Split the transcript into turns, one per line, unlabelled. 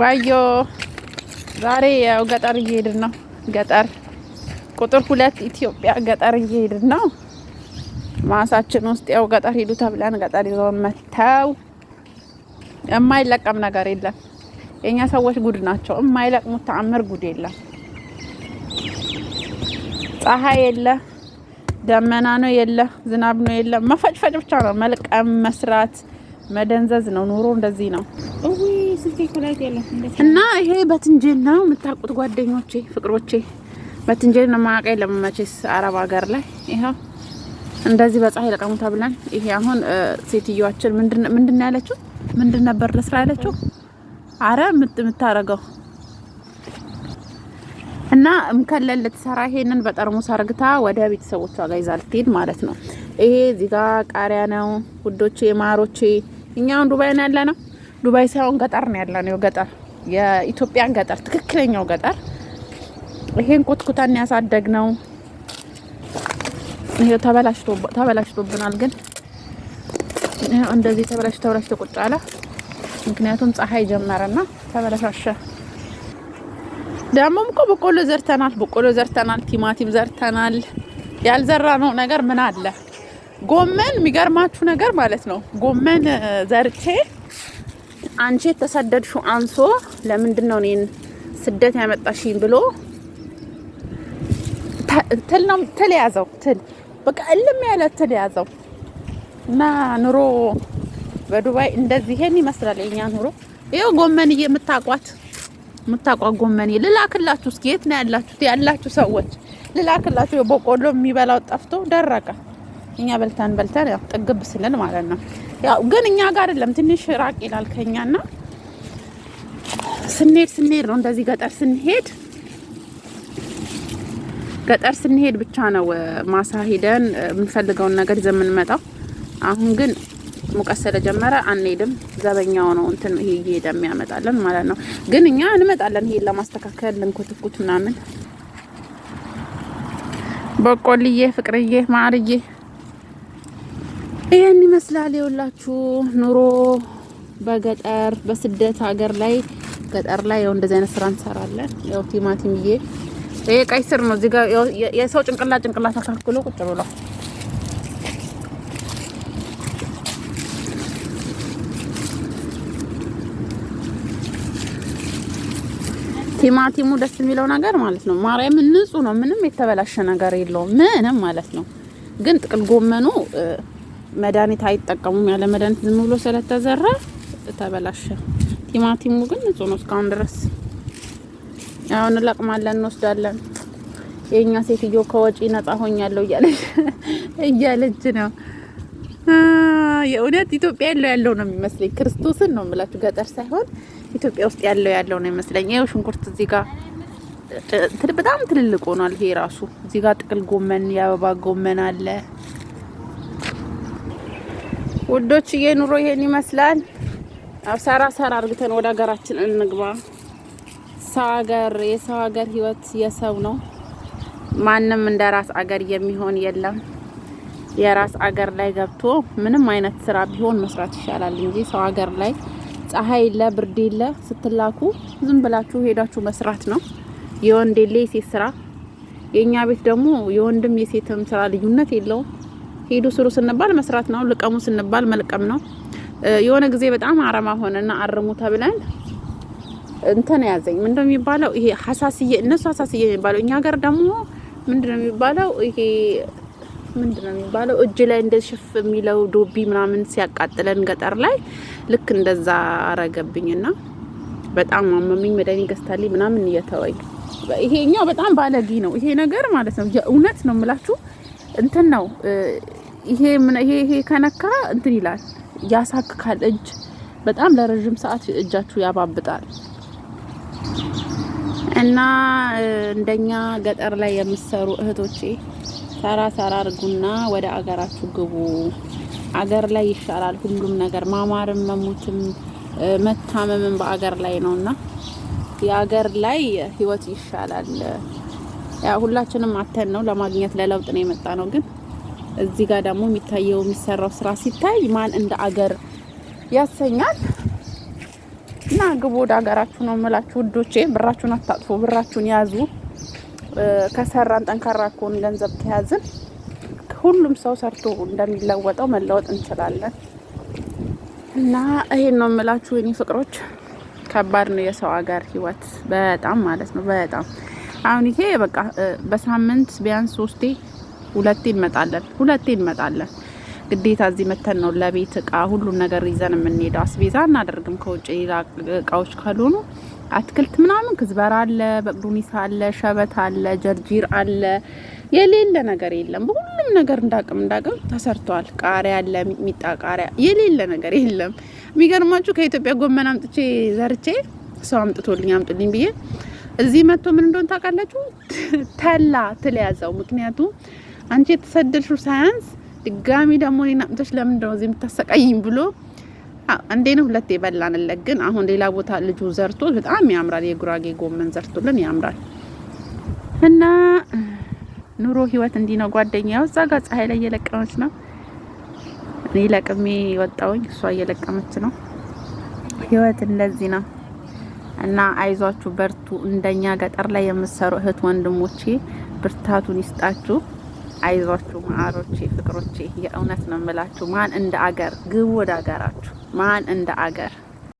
ዋዮ ዛሬ ያው ገጠር እየሄድን ነው። ገጠር ቁጥር ሁለት ኢትዮጵያ ገጠር እየሄድን ነው። ማሳችን ውስጥ ያው ገጠር ሄዱ ተብለን ገጠር ይዘውን መተው የማይለቀም ነገር የለም። የእኛ ሰዎች ጉድ ናቸው። የማይለቅሙት ተአምር ጉድ የለም። ፀሐይ የለ፣ ደመና ነው የለ፣ ዝናብ ነው የለ፣ መፈጭፈጭ ብቻ ነው። መልቀም፣ መስራት፣ መደንዘዝ ነው ኑሮ። እንደዚህ ነው። እና ይሄ በትንጄል ነው የምታውቁት ጓደኞቼ፣ ፍቅሮቼ በትንጄል ነው ማቀ ለመመቼስ አረብ ሀገር ላይ ይኸው እንደዚህ በፀሐይ ለቀሙታ ብለን ይሄ አሁን ሴትዮዋችን ምንድን ነው ያለችው? ምንድን ነበር ለስራ ያለችው? አረ የምታረገው እና ምከለል ልትሰራ ይሄንን በጠርሙስ አርግታ ወደ ቤተሰቦቿ ጋር ይዛ ልትሄድ ማለት ነው። ይሄ እዚህ ጋር ቃሪያ ነው ውዶቼ፣ ማሮቼ እኛውን ዱባይ ነው ያለ ነው። ዱባይ ሳይሆን ገጠር ነው ያለ ነው። ገጠር የኢትዮጵያን ገጠር ትክክለኛው ገጠር ይሄን ኮትኩታን ያሳደግ ነው። ይሄ ተበላሽቶብናል፣ ግን እንደዚህ ተበላሽ ተበላሽቶ ቁጭ አለ። ምክንያቱም ፀሐይ ጀመረና ተበላሻሸ። ደግሞም እኮ በቆሎ ዘርተናል፣ በቆሎ ዘርተናል፣ ቲማቲም ዘርተናል። ያልዘራ ነው ነገር ምን አለ? ጎመን የሚገርማችሁ ነገር ማለት ነው ጎመን ዘርቼ አንቺ የተሰደድሽው አንሶ ለምንድን ነው እኔን ስደት ያመጣሽኝ ብሎ ትል ነው ትል ያዘው። ትል በቃ እልም ያለ ትል ያዘው እና ኑሮ በዱባይ እንደዚህ ይሄን ይመስላል የኛ ኑሮ። ይኸው ጎመን የምታቋት የምታቋት ጎመን ልላክላችሁ። እስኪ የት ነው ያላችሁት? ያላችሁ ሰዎች ልላክላችሁ። በቆሎ የሚበላው ጠፍቶ ደረቀ። እኛ በልተን በልተን ያው ጥግብ ስልን ማለት ነው ያው ግን እኛ ጋር አይደለም ትንሽ ራቅ ይላል ከኛና ስንሄድ ስንሄድ ነው እንደዚህ ገጠር ስንሄድ ገጠር ስንሄድ ብቻ ነው ማሳ ሄደን የምንፈልገውን ነገር ይዘን የምንመጣው። አሁን ግን ሙቀት ስለጀመረ አንሄድም። ዘበኛው ነው እንትን ይሄ እየሄደ የሚያመጣለን ማለት ነው። ግን እኛ እንመጣለን ይሄን ለማስተካከል ልንኩትኩት ምናምን። በቆልዬ፣ ፍቅርዬ፣ ማርዬ ይህን ይመስላል የሁላችሁ ኑሮ በገጠር በስደት ሀገር ላይ ገጠር ላይ ያው እንደዚህ አይነት ስራ እንሰራለን። ያው ቲማቲም ይሄ ይሄ ቀይ ስር ነው። እዚህ ጋር የሰው ጭንቅላ ጭንቅላ ተካክሎ ቁጭ ብሏል። ቲማቲሙ ደስ የሚለው ነገር ማለት ነው ማርያም ንጹህ ነው። ምንም የተበላሸ ነገር የለውም ምንም ማለት ነው። ግን ጥቅል ጎመኑ መድኃኒት አይጠቀሙም። ያለ መድኃኒት ዝም ብሎ ስለተዘራ ተበላሸ። ቲማቲሙ ግን ንጹህ ነው እስካሁን ድረስ። ያው እንለቅማለን፣ እንወስዳለን። የእኛ ሴትዮ ከወጪ ነጻ ሆኛለሁ እያለች እያለች ነው። የእውነት ኢትዮጵያ ያለው ያለው ነው የሚመስለኝ። ክርስቶስን ነው የምላችሁ፣ ገጠር ሳይሆን ኢትዮጵያ ውስጥ ያለው ያለው ነው የሚመስለኝ። ይኸው ሽንኩርት እዚህ ጋር በጣም ትልልቅ ሆኗል። ይሄ ራሱ እዚህ ጋር ጥቅል ጎመን፣ የአበባ ጎመን አለ ውዶችዬ ኑሮ ይሄን ይመስላል። ሰራ ሰራ አርግተን ወደ ሀገራችን እንግባ። ሰው ሀገር የሰው ሀገር ህይወት የሰው ነው። ማንም እንደ ራስ አገር የሚሆን የለም። የራስ አገር ላይ ገብቶ ምንም አይነት ስራ ቢሆን መስራት ይሻላል እንጂ ሰው ሀገር ላይ ፀሐይ የለ ብርድ የለ ስትላኩ ዝም ብላችሁ ሄዳችሁ መስራት ነው። የወንድ የለ የሴት ስራ። የእኛ ቤት ደግሞ የወንድም የሴትም ስራ ልዩነት የለውም። ሂዱ ስሩ ስንባል መስራት ነው። ልቀሙ ስንባል መልቀም ነው። የሆነ ጊዜ በጣም አረማ ሆነና አርሙ ተብለን እንትን ያዘኝ ምንድነው የሚባለው ይሄ ሀሳስዬ እነሱ ሀሳስዬ የሚባለው እኛ ሀገር ደግሞ ምንድነው የሚባለው ይሄ ምንድነው የሚባለው እጅ ላይ እንደ ሽፍ የሚለው ዶቢ ምናምን ሲያቃጥለን ገጠር ላይ ልክ እንደዛ አረገብኝና በጣም አመመኝ። መድኃኒት ገዝታልኝ ምናምን እየተወኝ ይሄኛው በጣም ባለጌ ነው ይሄ ነገር ማለት ነው። የእውነት ነው የምላችሁ እንትን ነው ይሄ ይሄ ከነካ እንትን ይላል፣ ያሳክካል። እጅ በጣም ለረዥም ሰዓት እጃችሁ ያባብጣል። እና እንደኛ ገጠር ላይ የምትሰሩ እህቶቼ ሰራ ሰራ አድርጉና ወደ አገራችሁ ግቡ። አገር ላይ ይሻላል ሁሉም ነገር፣ ማማርም፣ መሞትም፣ መታመምም በአገር ላይ ነውና የአገር ላይ ህይወት ይሻላል። ያ ሁላችንም አተን ነው ለማግኘት ለለውጥ ነው የመጣ ነው ግን እዚህ ጋር ደግሞ የሚታየው የሚሰራው ስራ ሲታይ ማን እንደ አገር ያሰኛል። እና ግቡ ወደ ሀገራችሁ ነው የምላችሁ ውዶቼ። ብራችሁን አታጥፉ፣ ብራችሁን ያዙ። ከሰራን ጠንካራ ከሆን ገንዘብ ተያዝን ሁሉም ሰው ሰርቶ እንደሚለወጠው መለወጥ እንችላለን። እና ይሄን ነው የምላችሁ የኔ ፍቅሮች። ከባድ ነው የሰው ሀገር ህይወት በጣም ማለት ነው በጣም አሁን ይሄ በቃ በሳምንት ቢያንስ ውስጤ ሁለቴ እንመጣለን፣ ሁለቴ እንመጣለን። ግዴታ እዚህ መተን ነው ለቤት እቃ ሁሉም ነገር ይዘን የምንሄደው። አስቤዛ እናደርግም ከውጭ ሌላ እቃዎች ካልሆኑ አትክልት ምናምን ክዝበር አለ፣ በቅዱኒስ አለ፣ ሸበት አለ፣ ጀርጂር አለ። የሌለ ነገር የለም። በሁሉም ነገር እንዳቅም እንዳቅም ተሰርቷል። ቃሪያ አለ፣ ሚጣ ቃሪያ፣ የሌለ ነገር የለም። የሚገርማችሁ ከኢትዮጵያ ጎመን አምጥቼ ዘርቼ ሰው አምጥቶልኝ አምጡልኝ ብዬ እዚህ መጥቶ ምን እንደሆን ታውቃላችሁ? ተላ ትለያዘው ምክንያቱም አንቺ የተሰደድሽው ሳያንስ ድጋሚ ደግሞ እኔን አምጥተሽ ለምንድን ነው እዚህ የምታሰቃይኝ ብሎ እንዴ ነው ሁለት የበላንለት። ግን አሁን ሌላ ቦታ ልጁ ዘርቶ በጣም ያምራል። የጉራጌ ጎመን ዘርቶልን ያምራል። እና ኑሮ ህይወት እንዲህ ነው ጓደኛ። ያው እዛ ጋር ፀሐይ ላይ እየለቀመች ነው። እኔ ለቅሜ ወጣሁኝ፣ እሷ እየለቀመች ነው። ህይወት እንደዚህ ነው። እና አይዟችሁ፣ በርቱ። እንደኛ ገጠር ላይ የምትሰሩ እህት ወንድሞቼ ብርታቱን ይስጣችሁ። አይዟችሁ ማዕሮቼ ፍቅሮቼ፣ የእውነት ነው የምላችሁ። ማን እንደ አገር ግቡ፣ ወደ አገራችሁ። ማን እንደ አገር